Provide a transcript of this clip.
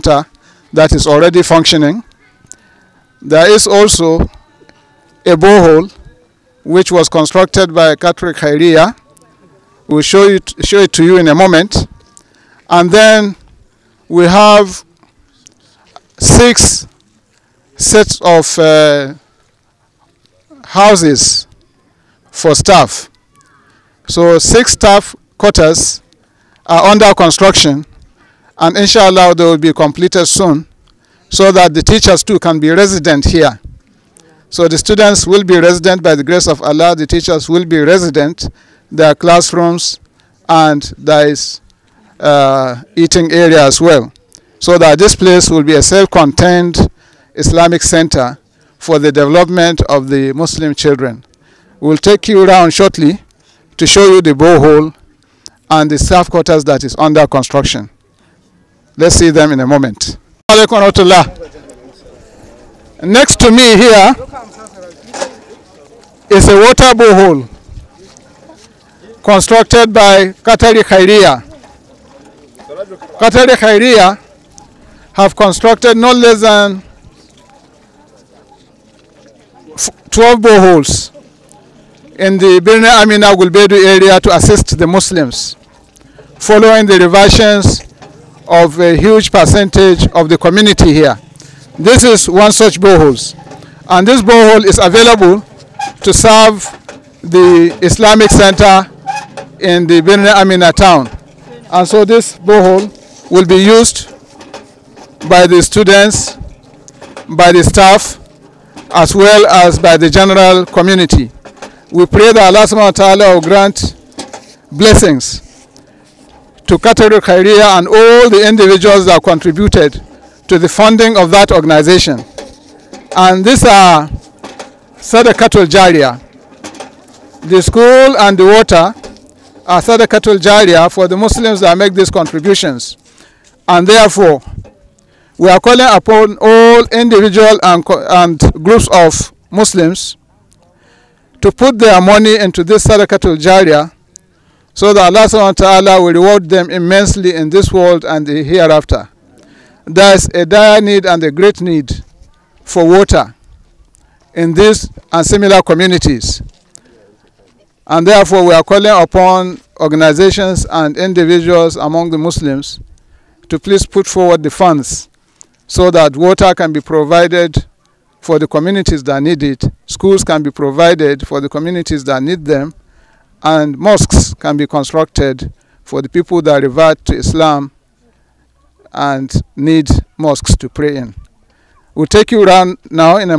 center that is already functioning. There is also a borehole which was constructed by Catholic Khairia. We'll show it, show it to you in a moment. And then we have six sets of uh, houses for staff. So six staff quarters are under construction and inshallah they will be completed soon so that the teachers too can be resident here. So the students will be resident by the grace of Allah, the teachers will be resident, their classrooms and there is uh, eating area as well. So that this place will be a self-contained Islamic center for the development of the Muslim children. We'll take you around shortly to show you the borehole and the staff quarters that is under construction. Let's see them in a moment. Next to me here is a water borehole constructed by Qatari Khairia. Qatari Khairia have constructed no less than 12 boreholes in the Birna Amina Gulbedu area to assist the Muslims following the revisions of a huge percentage of the community here. This is one such borehole. And this borehole is available to serve the Islamic Center in the Benin Amina town. And so this borehole will be used by the students, by the staff, as well as by the general community. We pray that Allah subhanahu wa ta'ala will grant blessings to Category and all the individuals that contributed to the funding of that organization. And these are Sadakatul Jaria. The school and the water are Sadakatul Jaria for the Muslims that make these contributions. And therefore, we are calling upon all individual and, and groups of Muslims to put their money into this Sadakatul Jaria so that Allah subhanahu wa ta'ala will reward them immensely in this world and the hereafter. There is a dire need and a great need for water in these and similar communities. And therefore, we are calling upon organizations and individuals among the Muslims to please put forward the funds so that water can be provided for the communities that need it, schools can be provided for the communities that need them, and mosques can be constructed for the people that revert to Islam and need mosques to pray in. We'll take you around now in a moment.